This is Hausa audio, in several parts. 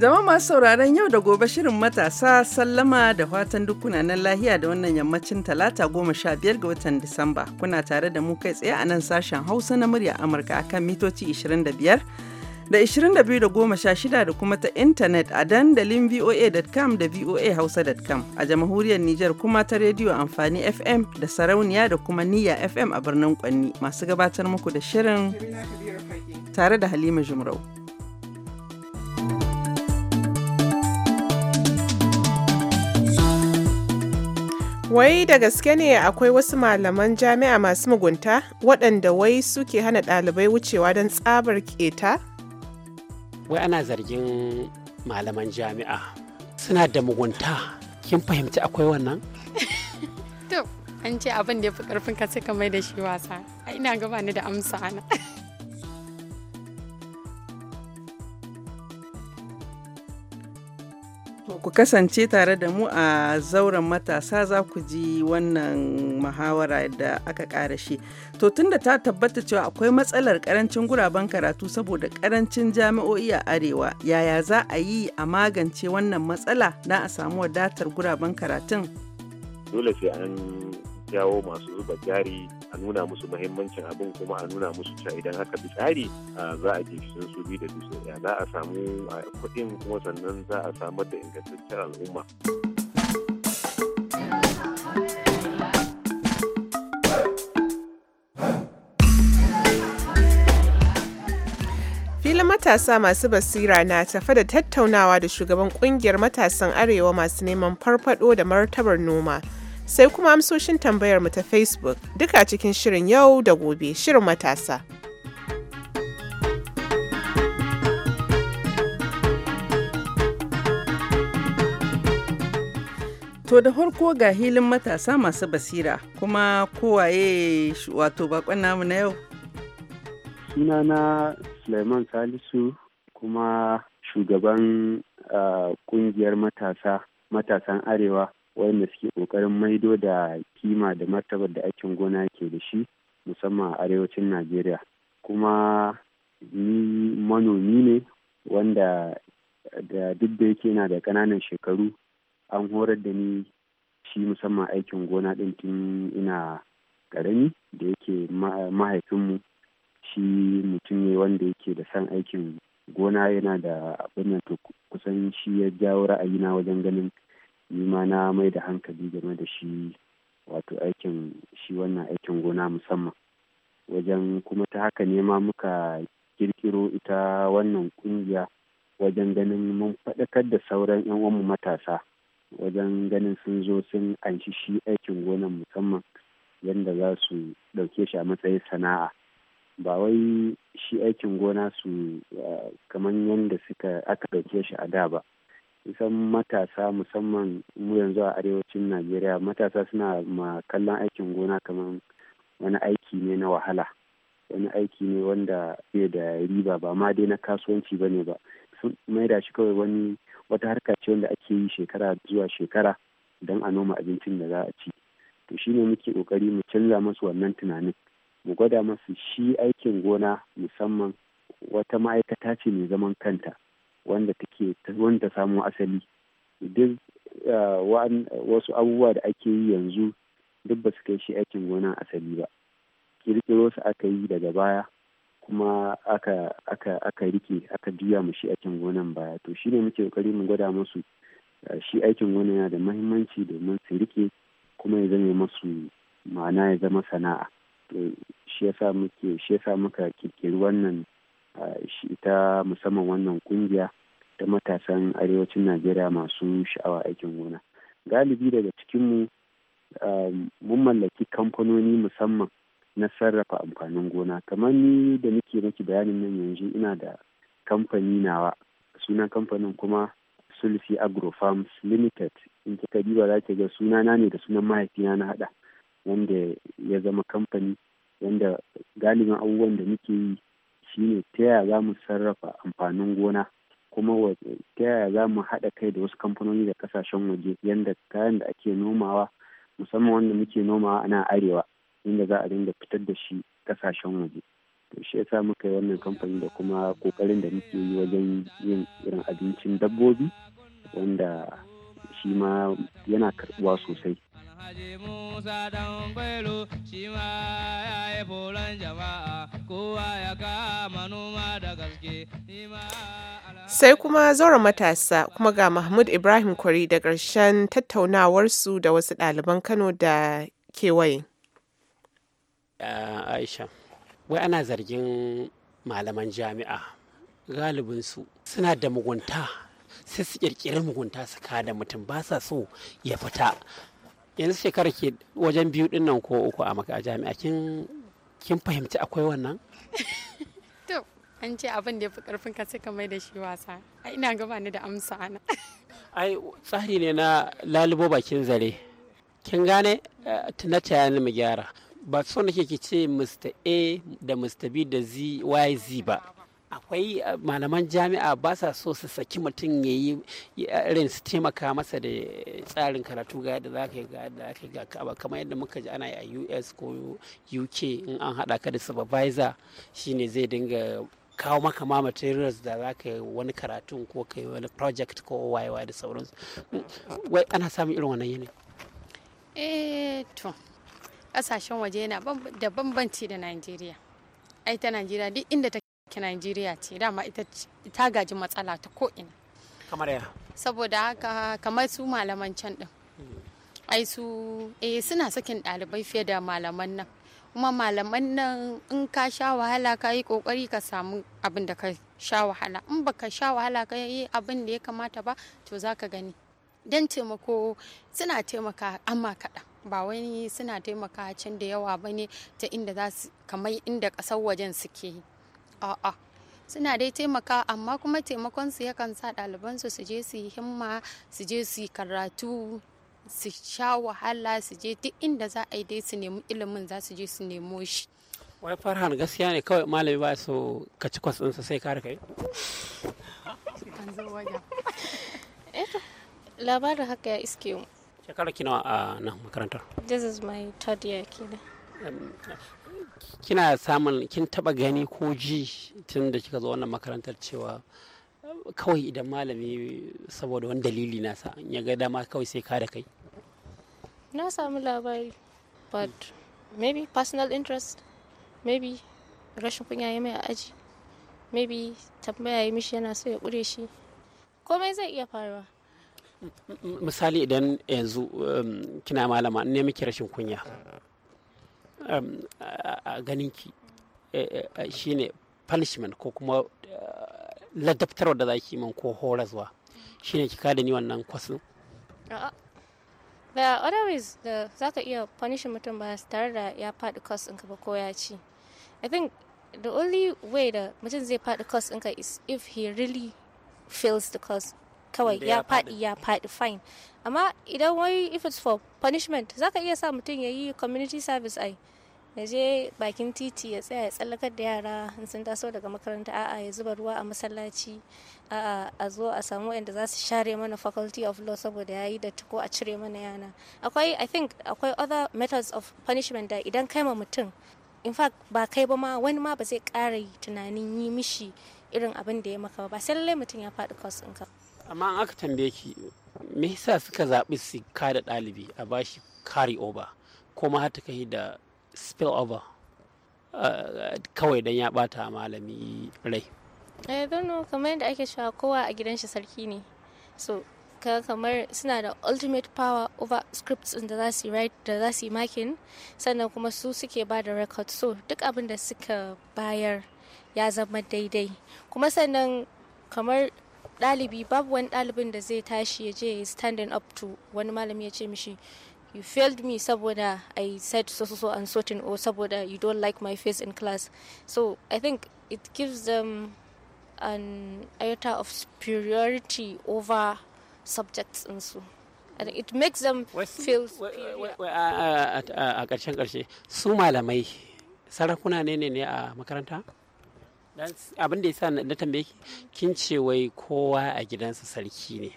Zama masu sauraron yau da gobe shirin matasa sallama da fatan duk na lahiya da wannan yammacin talata goma sha biyar ga watan Disamba. Kuna tare da mu kai tsaye a nan sashen Hausa na murya Amurka akan mitoci 25 da 22 da goma sha shida da kuma ta intanet a dandalin voa.com da voahausa.com a jamhuriyar Nijar kuma ta rediyo amfani FM da sarauniya da kuma niyya FM a birnin Kwanni masu gabatar muku da shirin tare da Halima Jumrau. Wai da gaske ne akwai wasu malaman jami'a masu mugunta waɗanda wai suke hana ɗalibai wucewa don tsabar keta? Wai ana zargin malaman jami'a suna da mugunta. Kin fahimci akwai wannan? To, an ce abin da ya fi ƙarfin ka sai ka mai da shi wasa. Ina gaba ni da amsa ana. Ku kasance tare da mu a zauren matasa za ku ji wannan muhawara da aka ƙara shi. To tunda ta tabbata cewa akwai matsalar karancin guraben karatu saboda karancin jami'o'i a arewa, yaya za a yi a magance wannan matsala na a samu wadatar guraben karatun? Dole sai an jawo masu zuba jari a nuna musu mahimmancin abin kuma a nuna musu cewa idan aka bi tsari za a sun su bi da dusu ya za a samu kuɗin kuma sannan za a samar da ingantaccen al'umma. filin matasa masu basira na tafe da tattaunawa da shugaban kungiyar matasan arewa masu neman farfado da martabar noma sai kuma amsoshin tambayar mu ta Facebook duka cikin shirin yau da gobe shirin matasa. To da farko ga hilin matasa masu basira kuma kowaye wato bakon namu na yau. suna na Suleiman Salisu kuma shugaban ah, kungiyar matasa matasan arewa wanda suke ƙoƙarin maido da kima da martabar da aikin gona ke da shi musamman a arewacin najeriya kuma ni manomi ne wanda da duk da yake na da ƙananan shekaru an horar da ni shi musamman aikin gona ɗin tun ina ƙarami da yake mahaifinmu shi mutum ne wanda yake da san aikin gona yana da abin kusan shi ya jawo ra'ayina wajen ganin ni ma na mai da hankali game da shi wato aikin shi wannan aikin gona musamman wajen kuma ta haka ne ma muka kirkiro ita wannan kungiya wajen ganin mun faɗakar da sauran 'yan uwanmu matasa wajen ganin sun zo sun anshi shi aikin gonan musamman yadda za su ɗauke shi a matsayin sana'a ba wai shi aikin gona su eh, kamar yadda aka ɗauke shi a da ba kusan matasa musamman mu yanzu a arewacin najeriya matasa suna ma kallon aikin gona kamar wani aiki ne na wahala wani aiki ne wanda ke da riba ba ma dai na kasuwanci ba ne ba sun maida shi kawai wani wata harka ce wanda ake yi shekara zuwa shekara don a noma abincin da za a ci to shi ne muke kokari mu canza masu wannan tunanin mu gwada masu shi aikin gona musamman wata ma'aikata ce mai zaman kanta wanda take wanda samu asali duk eh, wasu abubuwa da ake yi yanzu duk ba su kai shi aikin gona asali ba kirkiro su aka yi daga baya kuma aka aka aka rike aka juya mu shi aikin gonan baya to shi ne muke kokari mu gwada musu eh, shi aikin gona yana da muhimmanci domin su rike kuma ya zama masu ma'ana ya zama sana'a to shi yasa muke shi yasa muka kirkiri wannan ita musamman wannan kungiya ta matasan arewacin najeriya masu sha'awa aikin gona galibi daga cikinmu mun mallaki kamfanoni musamman na sarrafa amfanin gona kamar ni da nake maki bayanin nan yanzu ina da kamfani nawa sunan kamfanin kuma sulfi agrofarms limited in kika diba za ki ga na ne da sunan mahaifina na hada wanda ya zama kamfani wanda galibin abubuwan da muke yi shine ta yaya za mu sarrafa amfanin gona kuma ta yaya za mu haɗa kai da wasu kamfanoni da kasashen waje yadda kayan da ake nomawa musamman wanda muke nomawa ana arewa inda za a dinga fitar da shi kasashen waje to shi yasa muka yi wannan kamfani da kuma kokarin da muke yi wajen yin irin abincin dabbobi wanda shi ma yana karɓuwa sosai Alhaji Musa dan shi ma ya yi jama'a kowa ya kama noma da gaske Sai kuma zauren matasa kuma ga Mahmud Ibrahim Kwari da ƙarshen tattaunawarsu da wasu ɗaliban Kano da kewaye. Aisha, wai ana zargin malaman jami'a galibinsu suna da mugunta sai su kirkiri mugunta su kada mutum ba sa so ya fita yanzu shekarar ke wajen biyu din nan ko uku a maka jami'a kin fahimci akwai wannan to an ce abin da ya fi karfin ka sai ka mai da shi wasa ai ina gaba ni da amsa ana ai tsari ne na lalubo bakin zare kin gane eh, na ta ni mu gyara ba so nake ki ce Mr A da Mr B da Z Y Z ba akwai eh, malaman jami'a ba sa so su saki mutum ya yi irin su taimaka masa da tsarin karatu ga yadda za ka yi ga yadda ka yi ga kaba kamar yadda muka ji ana yi a us ko uk in an haɗa ka da supervisor shine zai dinga kawo maka ma materials da za ka yi wani karatun ko ka yi wani project ko wayewa da sauransu mm, wai ana samun irin wannan yanayi eh to kasashen waje yana da bambanci da najeriya ai ta najeriya duk inda ta yake Najeriya ce dama ita gaji matsala ta koina ina kamar ya saboda haka kamar su malaman can ɗin. Hmm. ai su eh suna sakin ɗalibai fiye da malaman nan kuma malaman nan in ka sha wahala ka yi kokari ka samu abin da ka sha wahala in baka sha wahala ka yi abin da ya kamata ba to za ka gani don taimako suna taimaka amma kaɗan ba wani suna taimaka can da yawa ba ne ta inda za su kamar inda ƙasar wajen suke yi a'a suna dai taimaka amma kuma taimakon su yakan sa ɗaliban su su je su yi himma su je su yi karatu su sha wahala su je duk inda za a yi dai su nemi ilimin za su je su nemo shi wai farhan gaskiya ne kawai malami ba su ka ci kwas ɗinsa sai ka yi eh labarin haka ya iske mu shekara kina a nan makarantar this is my third year kenan um, kina samun kin taba gani ko ji tun da kika zo wannan makarantar cewa eh, kawai idan malami saboda wani dalili nasa ya ga dama kawai sai ka da kai na samu labari but maybe personal interest maybe rashin kunya ya mai a aji maybe tambaya ya mishi yana so ya kure shi komai zai iya faruwa misali idan yanzu um, kina malama ne miki rashin kunya Um, a ganin ki eh, eh, eh, ne punishment ko kuma ladabtarwa da za ki man ko shi ne ki kada ni wannan kwasin ba otherwise da za ka iya punishing mutum ba tare da ya faɗi kwas ɗinka ba ko ya ci i think the only way da mutum zai faɗi kwas ɗinka is if he really fails the kwas kawai ya faɗi ya faɗi fine amma idan wai if it's for punishment za ka iya sa mutum ya yi community service ai ya je bakin titi ya tsaya ya tsallakar da yara in sun taso daga makaranta a'a ya zuba ruwa a masallaci a'a a zo a samu inda za su share mana faculty of law saboda ya yi da ko a cire mana yana akwai i think akwai other methods of punishment da idan kai ma mutum in fact ba kai ba ma wani ma ba zai ƙara tunanin yi mishi irin abin da ya maka ba sai lallai mutum ya faɗi kwas ɗinka. amma an aka tambaye ki me yasa suka zaɓi su kada ɗalibi a bashi carry over ko ma har kai da spill over eh, kawai don ya bata malami rai eh know kamar yadda ake cewa kowa a gidan shi sarki ne so ka kamar suna da ultimate power over scripts da za su write da za su yi makin sannan kuma su suke ba da record so duk abin da suka bayar ya zama daidai kuma sannan kamar ɗalibi babu wani ɗalibin da zai tashi ya je standing up to wani malami ya ce mishi you failed me saboda i said so so so and certain or saboda you don't like my face in class so i think it gives them an iota of superiority over subjects and so and it makes them feel superior a ƙarshen ƙarshe su malamai sarakuna ne ne a makaranta abin da ya sa na tambaye kin ce wai kowa a gidansa sarki ne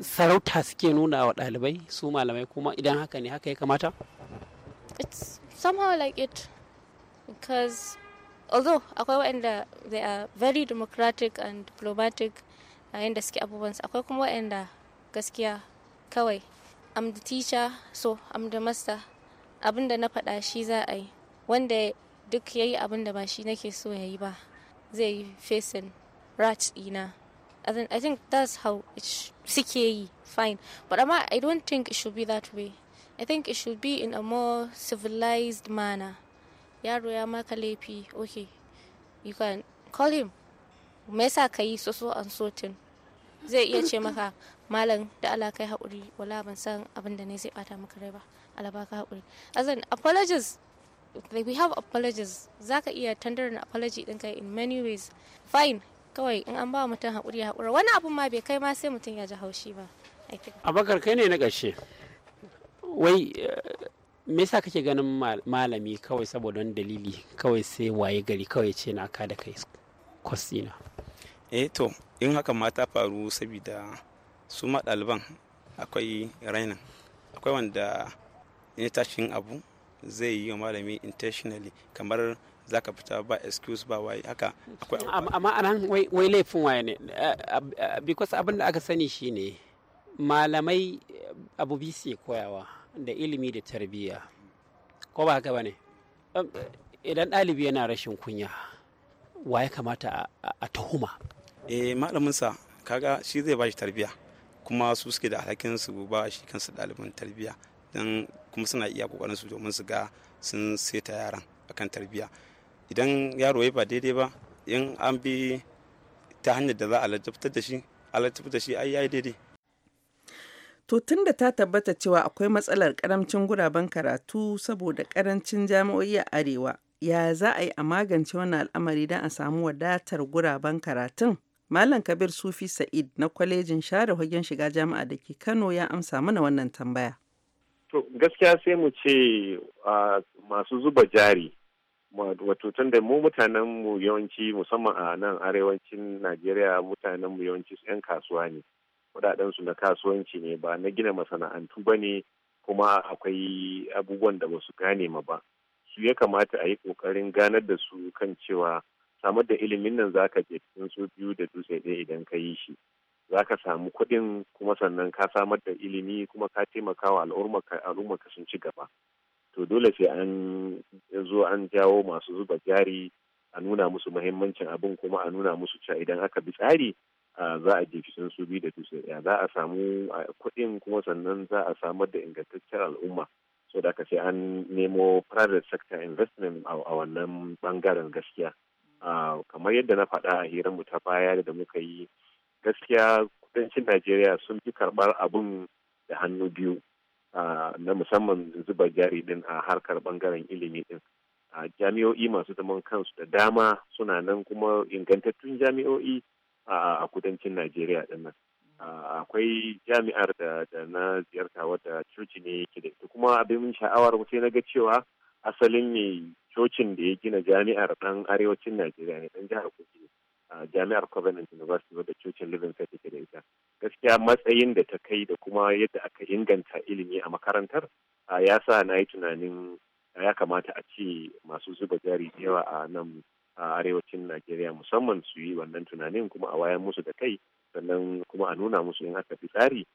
sarauta suke nuna wa ɗalibai su malamai kuma idan haka ne haka ya kamata? It's somehow like it because although akwai waɗanda they are very democratic and diplomatic a yadda suke abubuwan akwai kuma waɗanda gaskiya kawai I'm the teacher so I'm the master abinda da na faɗa shi za a yi wanda duk ya yi abinda da ba shi nake so ya yi ba zai yi facing rat dina. I think that's how it suke yi fine but amma i don't think it should be that way i think it should be in a more civilized manner yaro ya maka laifi okay you can call him me yasa ka yi so so and so thing zai iya ce maka malam da alakai kai haƙuri wala ban san abin da ne zai bata maka rai ba alabaka baka haƙuri as an apologies like we have apologies zaka iya tender an apology kai in many ways fine kawai in an ba mutum haƙuri ya haƙura wani abun ma bai kai ma sai mutum ya ji haushi ba abakar kai ne na ƙarshe wai eh, me yasa kake ganin malami kawai saboda wani dalili kawai sai waye gari kawai ce na ka da kai kwasina eh to in haka ma ta faru saboda su ma ɗaliban akwai rainin akwai wanda in tashin abu zai yi wa malami intentionally kamar Za ka fita ba excuse ba waye haka amma anan wai laifin waye ne eh, eh, because abin da aka sani shine malamai eh, abu bisi koyawa da ilimi da tarbiyya ko ba haka bane idan ɗalibi yana rashin kunya waye kamata a tuhuma eh malaminsa kaga shi zai ba shi tarbiyya kuma su suke da alhakin su ba shi kansu ɗaliban tarbiyya don kuma suna iya kokarin su domin su ga sun seta yaran akan tarbiyya idan yaro ya ba daidai ba in an bi ta hanyar da za a lajabtar da shi a lajabtar da shi ai yayi daidai To tun da ta tabbata cewa akwai matsalar karamcin guraben karatu saboda karancin jami'o'i a arewa, ya za a yi a magance wannan al'amari don a samu wadatar guraben karatun? Malam Kabir Sufi Sa'id na kwalejin share hagen shiga jami'a da ke Kano ya amsa mana wannan tambaya. To gaskiya sai mu ce masu zuba jari wato tun da mu mutanen mu yawanci musamman a nan arewacin najeriya mutanen mu yawanci yan kasuwa ne kudaden su na kasuwanci ne ba na gina masana'antu ba ne kuma akwai abubuwan da basu gane ma ba su ya kamata a yi kokarin ganar da su kan cewa samar da ilimin nan zaka je cikin su biyu da dutse ɗaya idan ka yi shi zaka samu kuɗin kuma sannan ka samar da ilimi kuma ka taimaka wa al'ummarka sun ci gaba to dole sai an zo an jawo masu zuba jari a nuna musu mahimmancin abin kuma a nuna musu cewa idan aka bi tsari za a jefi sun su bi da dutse ya za a samu kuɗin kuma sannan za a samar da ingantaccen al'umma so da aka sai an nemo private sector investment a wannan bangaren gaskiya kamar yadda na faɗa a hirar mu ta baya da muka yi gaskiya kudancin najeriya sun fi karɓar abin da hannu biyu na musamman zuba jari din a harkar bangaren ilimi din jami'o'i masu zaman kansu da dama suna nan kuma ingantattun jami'o'i a kudancin najeriya din nan akwai jami'ar da na ziyarta wata coci ne yake da ita kuma abin sha'awar sai na ga cewa asalin ne cocin da ya gina jami'ar dan arewacin najeriya ne dan jihar kogi jami'ar covenant university wadda cocin living faith take da ita gaskiya matsayin da ta kai da kuma yadda aka inganta ilimi a makarantar ya sa na yi tunanin ya kamata a ce masu zuba jari da yawa a nan a arewacin najeriya musamman su yi wannan tunanin kuma a wayan musu da kai sannan kuma a nuna musu in aka fi tsari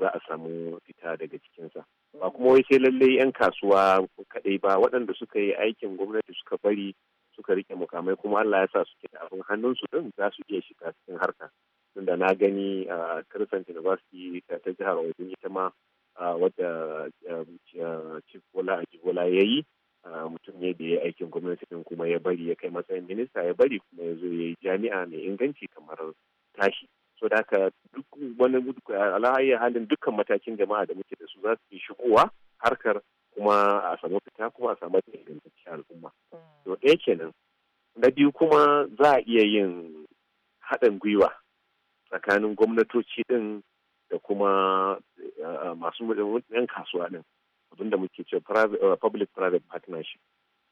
za a samu fita daga cikinsa ba kuma wai sai lallai 'yan kasuwa kaɗai ba waɗanda suka yi aikin gwamnati suka bari suka rike mukamai kuma Allah ya sa suke da abin hannunsu din za su iya shiga cikin harka tunda na gani a Christian University ta jihar Ogun ita ma wadda Chief Bola Ajibola ya yi mutum ne da ya aikin gwamnati din kuma ya bari ya kai matsayin minista ya bari kuma ya zo ya yi jami'a mai inganci kamar tashi so da haka duk wani alahayyar halin dukkan matakin jama'a da muke da su za su yi shigowa harkar kuma a samu fita kuma a samu ingantacciyar al'umma mm. to ɗaya kenan na biyu kuma za a iya yin haɗin gwiwa tsakanin gwamnatoci ɗin da kuma eh, masu yan kasuwa ɗin abinda muke ce public private eh, partnership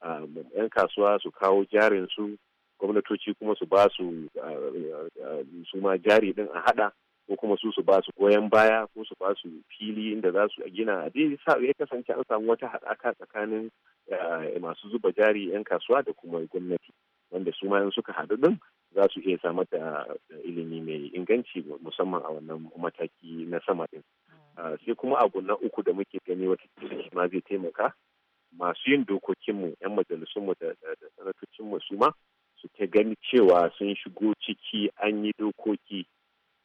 um, yan kasuwa su kawo jarin su gwamnatoci kuma su ba su eh, su ma jari ɗin a haɗa ko kuma su su ba su goyon baya ko su ba su fili inda za su gina a sa ya kasance an samu wata haɗaka tsakanin eh, masu zuba jari 'yan kasuwa da kuma gwamnati wanda su ma suka haɗu ɗin za su iya samar da eh, ilimi mai inganci musamman a wannan mataki na sama ɗin mm. ah, sai kuma abu na uku da muke gani wata shi ma zai taimaka masu yin dokokinmu 'yan majalisunmu da sanatocinmu su ma su ta gani cewa sun shigo ciki an yi dokoki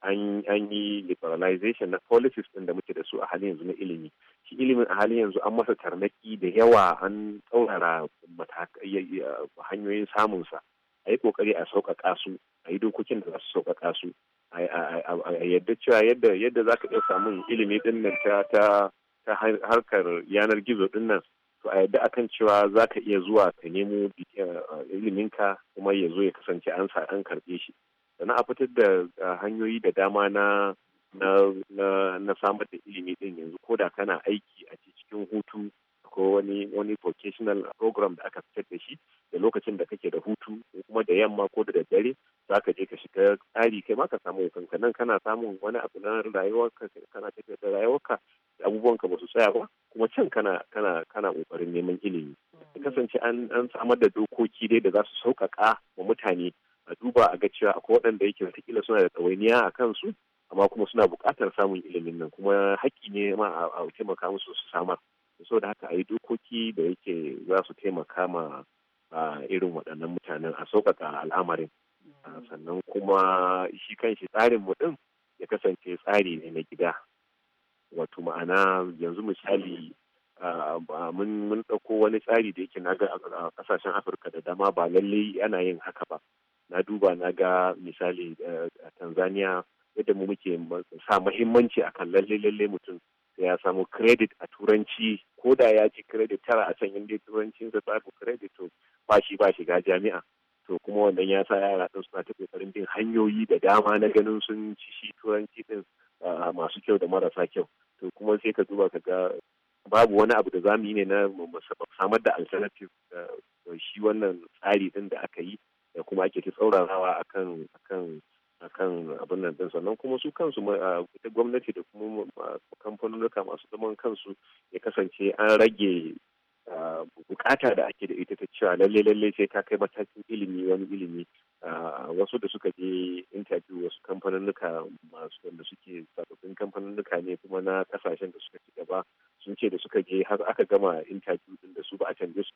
an yi liberalization na policies ɗin da muke da su a halin yanzu na ilimi shi ilimin a halin yanzu an masa tarnaki da yawa an tsaurara hanyoyin samunsa a yi kokari a sauƙaƙa su a yi dokokin da za su sauƙaƙa su a yadda cewa yadda za ka iya samun ilimi din nan ta harkar yanar gizo ɗinnan nan to a yadda akan cewa za ka iya zuwa ka nemo eh, iliminka kuma ya zo ya kasance an sa an karɓe shi sannan a fitar da hanyoyi da dama na na samar da ilimi din yanzu ko da kana aiki a cikin hutu ko wani wani vocational program da aka fitar da shi da lokacin da kake da hutu kuma da yamma ko da daddare za ka je ka shiga tsari kai ma ka samu kanka nan kana samun wani abu na rayuwarka kana tafiya da rayuwarka abubuwanka ba su tsaya ba kuma can kana kana kana kokarin neman ilimi kasance an samar da dokoki dai da za su sauƙaƙa wa mutane a duba a ga cewa akwai waɗanda yake watakila suna da ɗawainiya a kansu amma kuma suna buƙatar samun ilimin nan kuma haƙƙi ne ma a taimaka musu su samar da haka a yi dokoki da yake za su taimaka ma irin waɗannan mutanen a sauƙaƙa al'amarin sannan kuma shi kanshi tsarin mu ɗin ya kasance tsari ne na gida wato ma'ana yanzu misali mun ɗauko wani tsari da yake na ga a ƙasashen afirka da dama ba lallai ana yin haka ba na duba na ga misali eh, a tanzania yadda mu muke sa mahimmanci akan lalle lalle mutum sai ya samu credit a turanci ko da ya ci credit tara a can inda turancin sa babu credit to ba shi ba shiga jami'a to kuma wannan ya sa yara din suna ta kokarin bin hanyoyi da dama na ganin sun ci shi turanci din ah, masu kyau da marasa kyau to kuma sai ka duba ka ga babu wani abu da za mu yi ne na samar da alternative eh, shi wannan tsari din da aka yi da kuma ake ta tsaurarawa akan akan akan abin nan din sannan kuma su kansu ita gwamnati da kuma kamfanonuka masu zaman kansu ya kasance an rage bukata da ake da ita ta cewa lalle lalle sai ka kai matakin ilimi wani ilimi wasu da suka je interview wasu kamfanonuka masu wanda suke sababbin kamfanonuka ne kuma na kasashen da suka ci gaba sun ce da suka je har aka gama interview din da su ba a canje su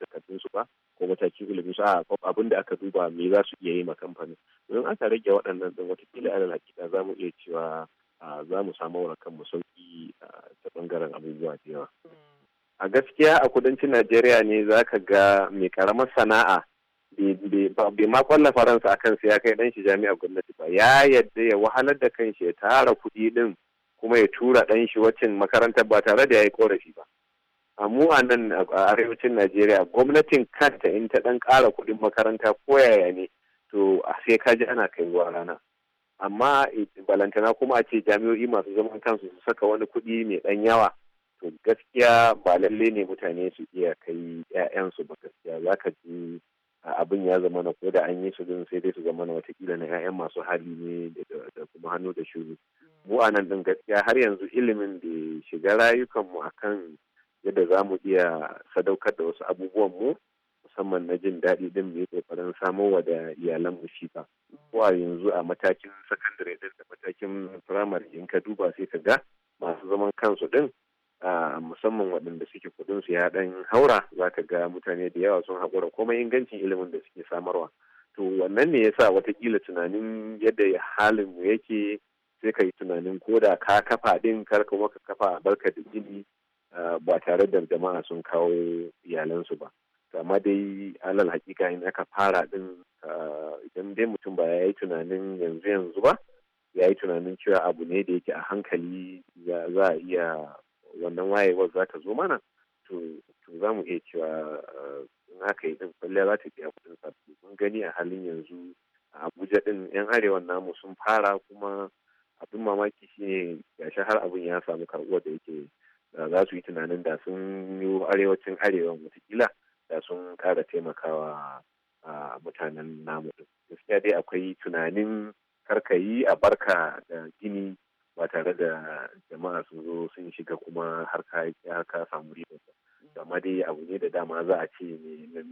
ilimin su a abin da aka duba me za su iya yi ma kamfanin don aka rage waɗannan ɗin watakila alal hakika za mu iya cewa za mu samu wa kanmu sauki ta bangaren abubuwa da yawa. Mm. A gaskiya a kudancin Najeriya ne za ka ga mai karamar sana'a bai ma kwalla faransa akan sai ya kai ɗan shi jami'a gwamnati ba ya yadda ya wahalar da kanshi ya tara kuɗi din kuma ya tura ɗan shi waccan makarantar ba tare da ya yi korafi ba. mu a nan a arewacin najeriya gwamnatin kanta in ta dan kara kudin makaranta ko yaya ne to sai ka ji ana kai ruwa rana amma balantana kuma a ce jami'o'i masu zaman kansu su saka wani kudi mai dan yawa to gaskiya ba lalle ne mutane su iya kai 'ya'yansu ba gaskiya za ka ji abin ya zama na ko da an yi su din sai dai su zama na watakila na 'ya'yan masu hali ne da kuma hannu da shuru mu a nan din gaskiya har yanzu ilimin da shiga rayukanmu akan yadda za mu iya sadaukar da wasu abubuwan mu musamman na jin daɗi din mu yi ƙoƙarin samowa da iyalanmu shi ba. Kowa yanzu a matakin sakandare din da matakin firamare in ka duba sai ka ga masu zaman kansu din musamman waɗanda suke kuɗin su ya ɗan haura za ka ga mutane da yawa sun haƙura komai ingancin ilimin da suke samarwa. To wannan ne yasa watakila tunanin yadda halin mu yake sai ka yi tunanin ko da ka kafa din kar kuma ka kafa barka da gini ba tare da jama'a sun kawo iyalansu ba amma dai alal hakika in aka fara din idan dai mutum ba ya yi tunanin yanzu yanzu ba ya yi tunanin cewa abu ne da yake a hankali za a iya wannan wayewar za ta zo mana to za mu iya cewa in aka yi din kwalle za ta biya kudin sabbi mun gani a halin yanzu a abuja din yan arewa namu sun fara kuma abin mamaki shine gashi har abin ya samu karuwar da yake za su yi tunanin da sun yi arewacin arewa watakila da sun kara taimakawa a mutanen namu gaskiya dai akwai tunanin karkayi a barka da gini ba tare da jama'a sun zo sun shiga kuma har ka samu riba ba amma dai abu ne da dama za a ce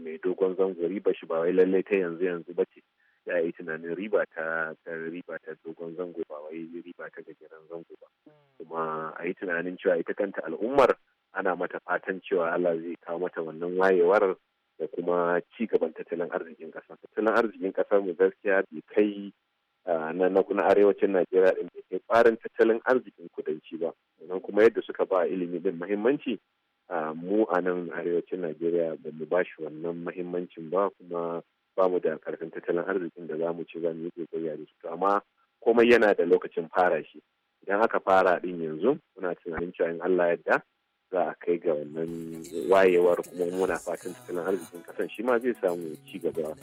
mai dogon zango riba shi ba wai lallai ta yanzu yanzu ba ce ya yi tunanin riba ta riba ta dogon zango ba wai riba ta gajeren zango ba hmm. kuma a yi tunanin cewa ita kanta al'ummar ana mata fatan cewa Allah zai kawo mata wannan wayewar da kuma ci gaban tattalin arzikin ƙasa tattalin arzikin ƙasar mu gaskiya bai kai ah, na na kuna arewacin Najeriya din bai kai farin tattalin arzikin kudanci ba sannan kuma yadda suka ba ilimi din muhimmanci ah, mu a nan arewacin Najeriya ba mu ba shi wannan muhimmancin ba kuma ba mu da karfin tattalin arzikin da za mu ci za mu yi kokari da su amma komai yana da lokacin fara shi idan aka fara din yanzu muna tunanin cewa in Allah yadda za a kai ga wannan wayewar kuma muna fatan tattalin arzikin kasan shi ma zai samu ci gaba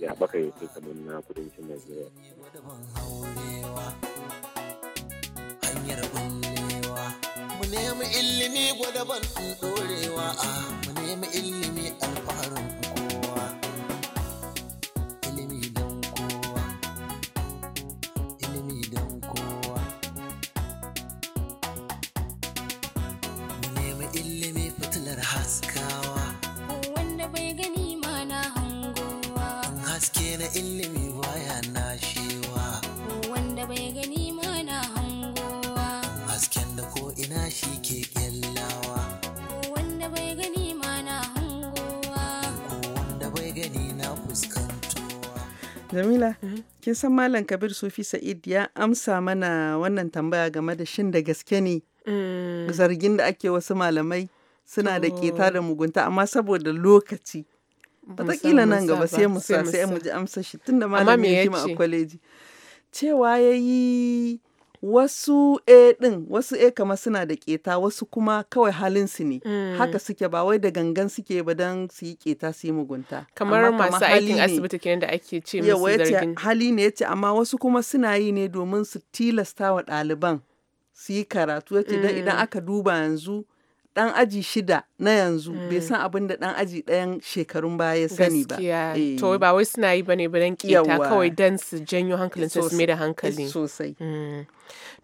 ya baka yau kamar na kudancin Najeriya. Hanyar mu nemi ilimi gwada ban ah, mu nemi ilimi alfahari. da ilimi baya nashewa wanda bai gani mana hangowa hasken da ko ina shi ke kyallawa wanda bai gani mana hangowa ko wanda bai gani na fuskantowa jamila mhm. kin san malam kabir sufi sa'id ya amsa mana wannan tambaya game da shin da gaske ne mm. zargin da ake wasu malamai suna da keta oh. da mugunta amma saboda lokaci Wataƙila nan gaba sai mu sa sai mu ji amsa shi Tun da malami ya kima a kwaleji. Cewa ya yi wasu e din wasu e kama suna da keta wasu kuma kawai halin su ne mm. haka suke ba wai da gangan suke ba don su yi keta su yi mugunta kamar masu aikin asibiti kenan da ake ce musu zargin hali ne yace amma wasu kuma suna yi ne domin su tilasta wa ɗaliban su yi karatu yace mm. idan aka duba yanzu dan aji shida na yanzu mm. bai san abin da dan aji ɗayan shekarun baya ya sani ba. Gaskiya. Eh. To ba wai suna yi bane ba dan kiyata kawai dan su janyo hankalin su mai da hankali. Eh, sosai. Mm.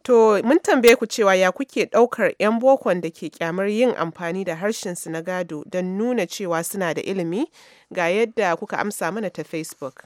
To mun tambaye ku cewa ya kuke ɗaukar 'yan bokon da ke kyamar yin amfani da harshen su na gado don nuna cewa suna da ilimi ga yadda kuka amsa mana ta Facebook.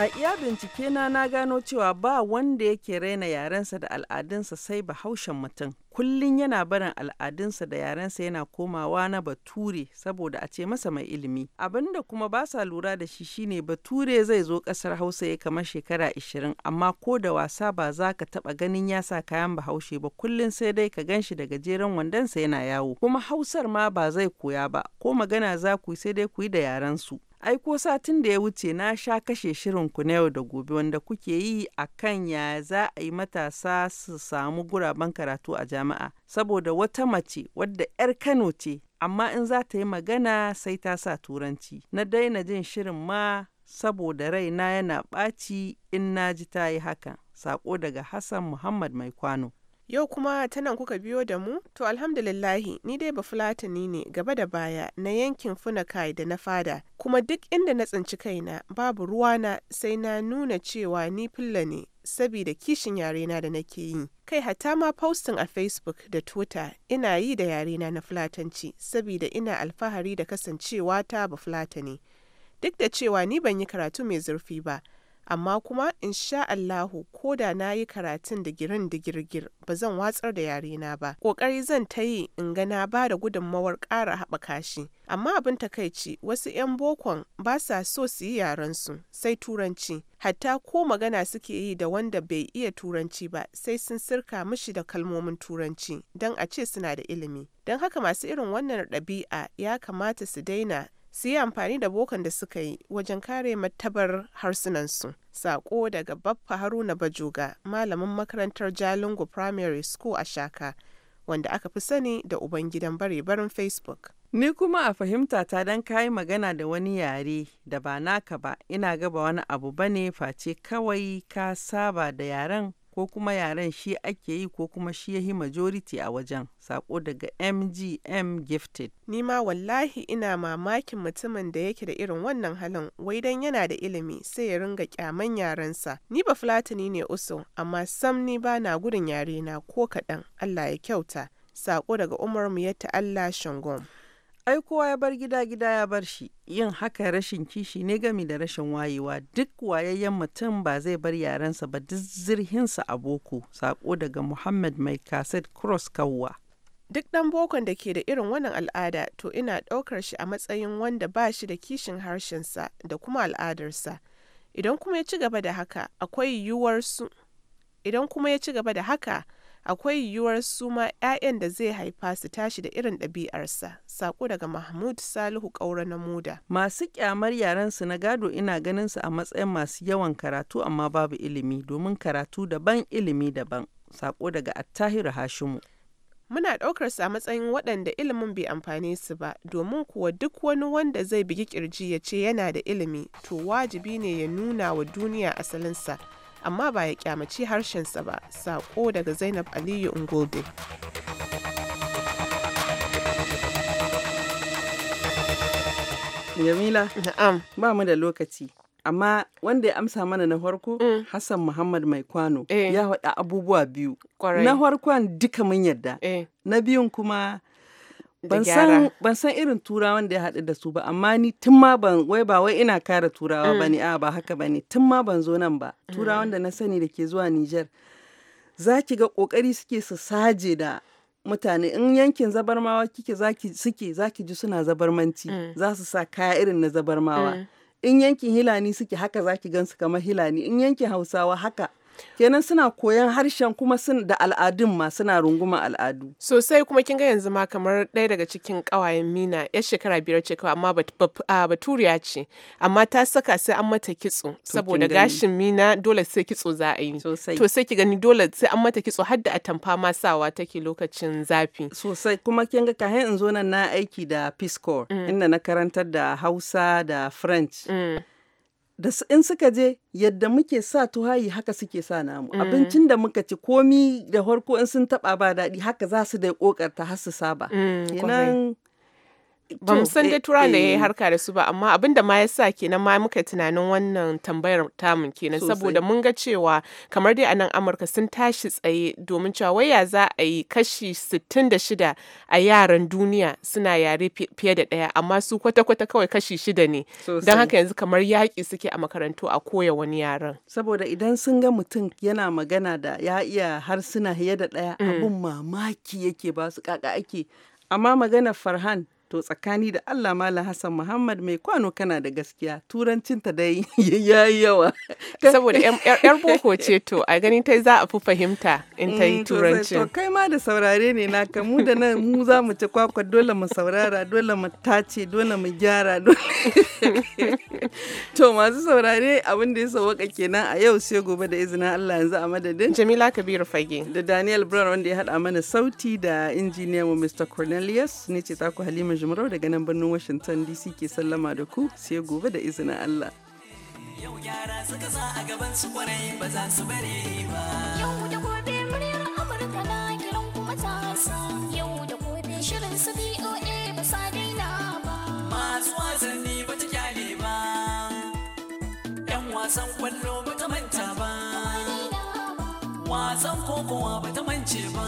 A iya bincike na na gano cewa ba wanda yake raina yarensa da al'adunsa sai bahaushen mutum. Kullum yana barin al'adunsa da yarensa yana komawa na bature saboda a ce masa mai ilimi. Abinda kuma ba sa lura da shi shine bature zai zo kasar Hausa ya kamar shekara ishirin amma ko da wasa ba za ka taba ganin ya sa kayan bahaushe ba kullum sai dai ka ganshi da gajeren wandonsa yana yawo. Kuma Hausar ma ba zai koya ba ko magana za ku sai dai ku yi da yarensu. Ai ko satin da ya wuce na sha kashe shirinku na yau da gobe wanda kuke yi a kan ya za a yi matasa su samu guraben karatu a jami'a. Saboda wata mace wadda 'yar Kano ce, amma in za ta yi magana sai ta sa turanci. Na daina jin shirin ma saboda raina yana ɓaci in na ji ta yi hakan. Sako daga Hassan Muhammad Mai Kwano. Yau kuma ta kuka biyo da mu? To alhamdulillahi ni dai ba ne gaba da baya na yankin Funakai da na fada, kuma duk inda na tsinci kaina babu ruwana sai na nuna cewa ni filla ne sabida kishin yarena da nake yi. Kai hatta ma posting a Facebook da Twitter ina yi da yarena na fulatanci sabida ina alfahari da kasancewa ta ba Duk da cewa ni ban yi karatu mai zurfi ba, amma kuma in sha Allahu ko da na yi karatun digirin digirgir ba zan watsar da yare na ba ƙoƙari zan ta yi in ga na ba da gudunmawar ƙara haɓaka shi amma abin takaici wasu 'yan bokon ba sa so su yi yarensu sai turanci hatta ko magana suke yi da wanda bai iya turanci ba sai sun sirka mishi da kalmomin turanci don a ce suna da ilimi don haka masu irin wannan ɗabi'a ya kamata su daina su yi amfani da bokan da suka yi wajen kare martabar harsunansu. Sako daga Baffa Haruna Bajoga, malamin makarantar Jalingo Primary School a Shaka, wanda aka fi sani da Ubangidan bare-baren Facebook. Ni kuma a fahimta ta don kayi magana da wani yare da ba naka ba, ina gaba wani abu bane face kawai ka saba da yaren ko kuma yaren shi ake yi ko kuma shi yahi majority a wajen sako daga mgm gifted nima wallahi ina mamakin mutumin da yake da irin wannan halin wai dan yana da ilimi sai ya ringa kyaman yarensa ni ba fulatani ne uso amma sam ni ba na gudun yare na ko kaɗan allah ya kyauta sako daga umarmu mu yatta allah shangom ai kowa ya bar gida gida ya bar shi yin haka rashin kishi ne gami da rashin wayewa duk wayayyen mutum ba zai bar yarensa ba duk zirhinsa a boko sako daga muhammad mai kaset cross kawwa duk ɗan bokon da ke da irin wannan al'ada to ina ɗaukar shi a matsayin wanda ba shi da kishin harshensa da kuma al'adarsa idan kuma ya ci gaba da haka akwai yiwuwar su idan kuma ya ci gaba da haka akwai yiwuwar su ma 'ya'yan da zai haifa su tashi da irin ɗabi'arsa sako daga mahmud salihu ƙaura na muda masu ƙyamar yaran su na gado ina ganin su a matsayin masu yawan karatu amma babu ilimi domin karatu daban ilimi daban sako daga attahiru hashimu muna ɗaukar su a matsayin waɗanda ilimin bai amfane su ba domin kuwa duk wani wanda zai bigi ƙirji ya ce yana da ilimi to wajibi ne ya nuna wa duniya asalinsa amma ba ya kyamaci harshensa ba sako daga zainab aliyu ungulde jamila na'am ba mu da lokaci amma wanda ya amsa mana na farko mm. hassan muhammad mai kwano eh. ya haɗa abubuwa biyu na farkon duka mun yarda eh. na biyun kuma ban san ban san irin turawan da ya haɗu da su ba amma ni tun ma ban wai ba wai ina kare turawa bane mm. a ba haka bane tun ma ban zo nan ba mm. turawan da na sani da ke zuwa Nijar. za ki ga kokari suke su saje da mutane in yankin zabarmawa kike zaki suke zaki ji suna zabarmanci mm. za su sa kaya irin na zabarmawa in yankin hilani suke haka zaki su kamar hilani in yankin hausawa haka kenan suna koyan harshen kuma sun da al'adun ma suna runguma al'adu sosai kuma kin ga yanzu ma kamar ɗaya daga cikin ƙawayen mina yar shekara biyar ce kawai amma baturiya ce amma ta saka sai an mata kitso saboda gashin mina dole sai kitso za a yi to sai ki gani dole sai an mata kitso har da atamfa ma sawa take lokacin zafi sosai kuma kin ga kahin in zo nan na aiki da Peace mm. inda na karantar da Hausa da French mm. da in suka je yadda muke sa tuhayi haka suke sa namu mm. abincin da muka ci komi da harko in sun taba ba daɗi haka za su da kokarta har su saba mm, ba mu san eh, dai tura da ya eh. harka da su ba amma abin da ma ya sa kenan ma muka tunanin wannan tambayar tamun kenan saboda mun ga cewa kamar dai a nan amurka sun tashi tsaye domin cewa waya za a yi kashi 66 a yaran duniya suna yare fiye da daya amma su kwata-kwata kawai kashi shida ne don haka yanzu kamar yaƙi suke a makarantu a koya wani yaran saboda idan sun ga mutum yana magana da ya iya suna fiye da daya mm. abun mamaki yake ba su kaka ake amma magana farhan To tsakani da Allah Malam Hassan Muhammad mai kwano kana da gaskiya turancinta dai ya yi yawa. Saboda yar boko ce to a gani ta za a fi fahimta in ta yi mm, turancin. To kai ma da saurare ne na kamu da nan mu za mu ci kwakwa dole mu saurara dole mu tace dole mu gyara to masu saurare abin da ya sauwaka kenan a yau sai gobe da izinin Allah yanzu a madadin. Jamila Kabiru Fage. Da Daniel Brown wanda ya haɗa mana sauti da injiniyan mu Mr. Cornelius ne ce ku Halima Jumarau daga nan birnin Washington DC ke sallama da ku sai gobe da izinin Allah. Yau gyara suka sa a gaban su kwarai ba za su bari ba. Yau da gobe muryar Amurka na kiran kuma ta Yau da gobe shirin su BOA ba sa daina ba. Masu wasanni ba ta kyale ba. Yan wasan kwallo ba ta manta ba. Wasan kokowa ba ta mance ba.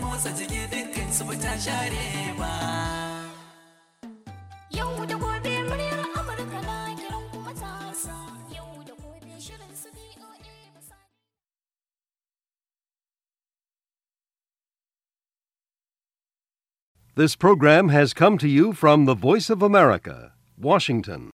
motsa dukkan su ta share ba yau da gobe muryar amurka na kiran yau da gobe shirin su This program has come to you from the Voice of America, Washington.